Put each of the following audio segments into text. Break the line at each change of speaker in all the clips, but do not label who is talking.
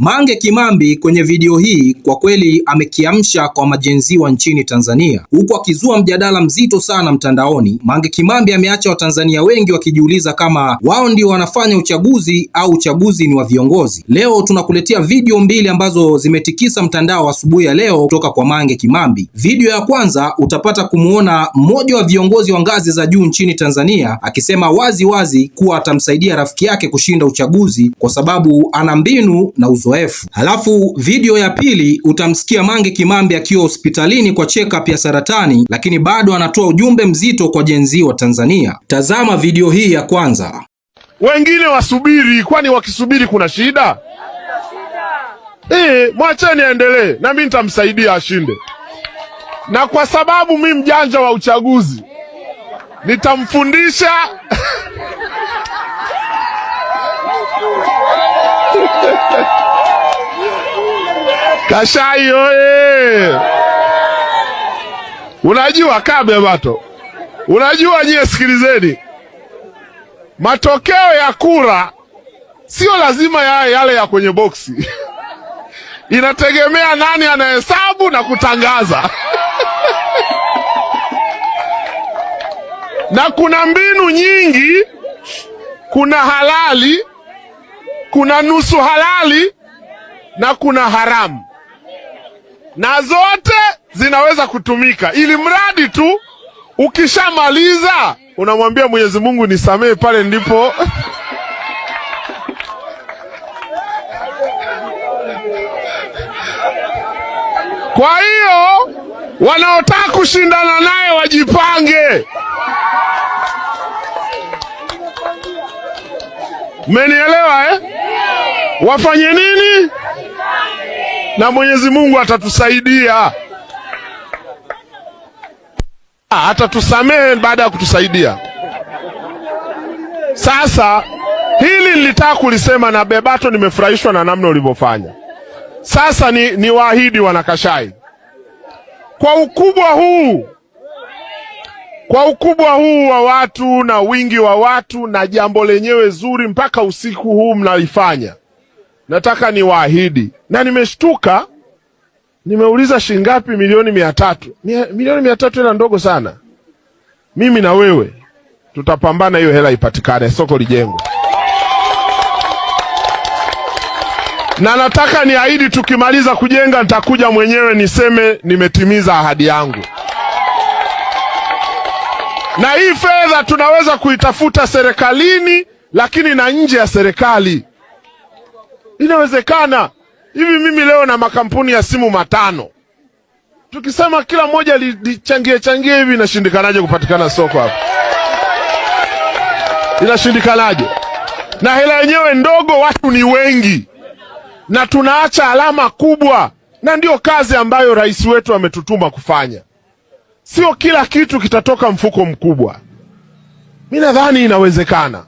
Mange Kimambi kwenye video hii kwa kweli amekiamsha kwa majenzi wa nchini Tanzania, huku akizua mjadala mzito sana mtandaoni. Mange Kimambi ameacha Watanzania wengi wakijiuliza kama wao ndio wanafanya uchaguzi au uchaguzi ni wa viongozi. Leo tunakuletea video mbili ambazo zimetikisa mtandao asubuhi ya leo kutoka kwa Mange Kimambi. Video ya kwanza utapata kumuona mmoja wa viongozi wa ngazi za juu nchini Tanzania akisema wazi wazi kuwa atamsaidia rafiki yake kushinda uchaguzi kwa sababu ana mbinu na uzoefu SOF. Halafu video ya pili utamsikia Mange Kimambi akiwa hospitalini kwa check ya saratani, lakini bado anatoa ujumbe mzito kwa jenzi wa Tanzania. Tazama video hii ya kwanza.
Wengine wasubiri, kwani wakisubiri kuna shida? Eh, mwacheni aendelee, na mimi nitamsaidia ashinde, na kwa sababu mi mjanja wa uchaguzi nitamfundisha Kashai oye! Unajua kabe bato, unajua nyie, sikilizeni, matokeo ya kura sio lazima ya yale ya kwenye boksi inategemea nani anahesabu na kutangaza na kuna mbinu nyingi, kuna halali, kuna nusu halali na kuna haramu na zote zinaweza kutumika, ili mradi tu ukishamaliza unamwambia Mwenyezi Mungu nisamehe, pale ndipo Kwa hiyo wanaotaka kushindana naye wajipange. Mmenielewa eh? Wafanye nini? na Mwenyezi Mungu atatusaidia, ah, atatusamehe baada ya kutusaidia. Sasa hili nilitaka kulisema na Bebato, nimefurahishwa na namna ulivyofanya. Sasa ni, ni waahidi wanakashai kwa ukubwa huu kwa ukubwa huu wa watu na wingi wa watu na jambo lenyewe zuri, mpaka usiku huu mnalifanya, nataka niwaahidi, na nimeshtuka, nimeuliza shingapi? Milioni mia tatu. Milioni mia tatu hela ndogo sana. Mimi na wewe tutapambana hiyo hela ipatikane, soko lijengwe. Na nataka niahidi, tukimaliza kujenga nitakuja mwenyewe niseme nimetimiza ahadi yangu. Na hii fedha tunaweza kuitafuta serikalini, lakini na nje ya serikali. Inawezekana hivi mimi leo na makampuni ya simu matano, tukisema kila mmoja lichangie changie hivi, inashindikanaje kupatikana soko hapa? Inashindikanaje? na hela yenyewe ndogo, watu ni wengi, na tunaacha alama kubwa, na ndiyo kazi ambayo rais wetu ametutuma kufanya. Sio kila kitu kitatoka mfuko mkubwa. Mi nadhani inawezekana.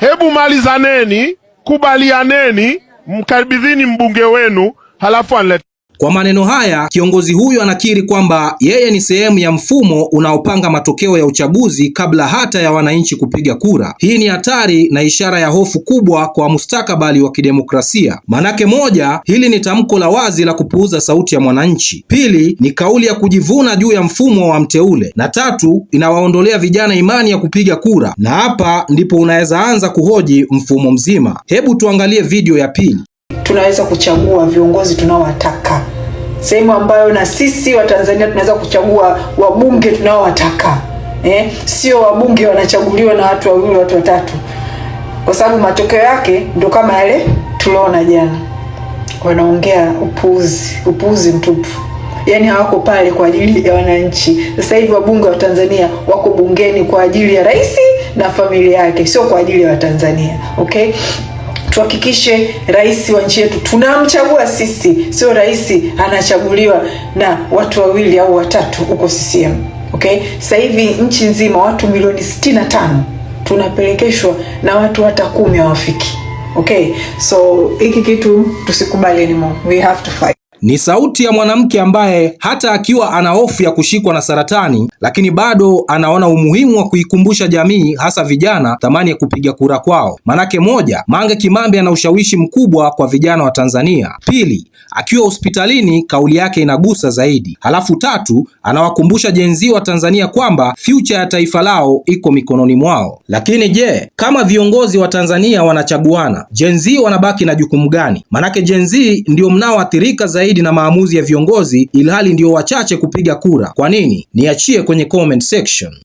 Hebu malizaneni, kubalianeni mkaribidhini mbunge wenu halafu anlet
kwa maneno haya, kiongozi huyo anakiri kwamba yeye ni sehemu ya mfumo unaopanga matokeo ya uchaguzi kabla hata ya wananchi kupiga kura. Hii ni hatari na ishara ya hofu kubwa kwa mustakabali wa kidemokrasia. Manake moja, hili ni tamko la wazi la kupuuza sauti ya mwananchi. Pili, ni kauli ya kujivuna juu ya mfumo wa mteule, na tatu, inawaondolea vijana imani ya kupiga kura, na hapa ndipo unaweza anza kuhoji mfumo mzima. Hebu tuangalie video ya pili
tunaweza kuchagua viongozi tunaowataka, sehemu ambayo na sisi Watanzania tunaweza kuchagua wabunge tunaowataka eh? Sio wabunge wanachaguliwa na watu wawili watu watatu, kwa sababu matokeo yake ndo kama yale tuliona jana. Wanaongea upuuzi, upuuzi mtupu. Yaani hawako pale kwa ajili ya wananchi. Sasa hivi wabunge wa Tanzania wako bungeni kwa ajili ya rais na familia yake, sio kwa ajili ya Watanzania. Okay? tuhakikishe rais wa nchi yetu tunamchagua sisi, sio rais anachaguliwa na watu wawili au watatu huko CCM. Okay, sasa hivi nchi nzima watu milioni 65 tunapelekeshwa na watu hata kumi hawafiki. Okay, so hiki kitu tusikubali anymore, we have to fight.
Ni sauti ya mwanamke ambaye hata akiwa ana hofu ya kushikwa na saratani, lakini bado anaona umuhimu wa kuikumbusha jamii, hasa vijana, thamani ya kupiga kura kwao. Manake moja, Mange Kimambe ana ushawishi mkubwa kwa vijana wa Tanzania. Pili, akiwa hospitalini kauli yake inagusa zaidi. Halafu tatu, anawakumbusha jenzi wa Tanzania kwamba future ya taifa lao iko mikononi mwao. Lakini je, kama viongozi wa Tanzania wanachaguana, jenzi wanabaki na jukumu gani? Manake jenzi ndio mnaoathirika zaidi zaidi na maamuzi ya viongozi, ilhali ndio wachache kupiga kura. Kwa nini? Niachie kwenye comment section.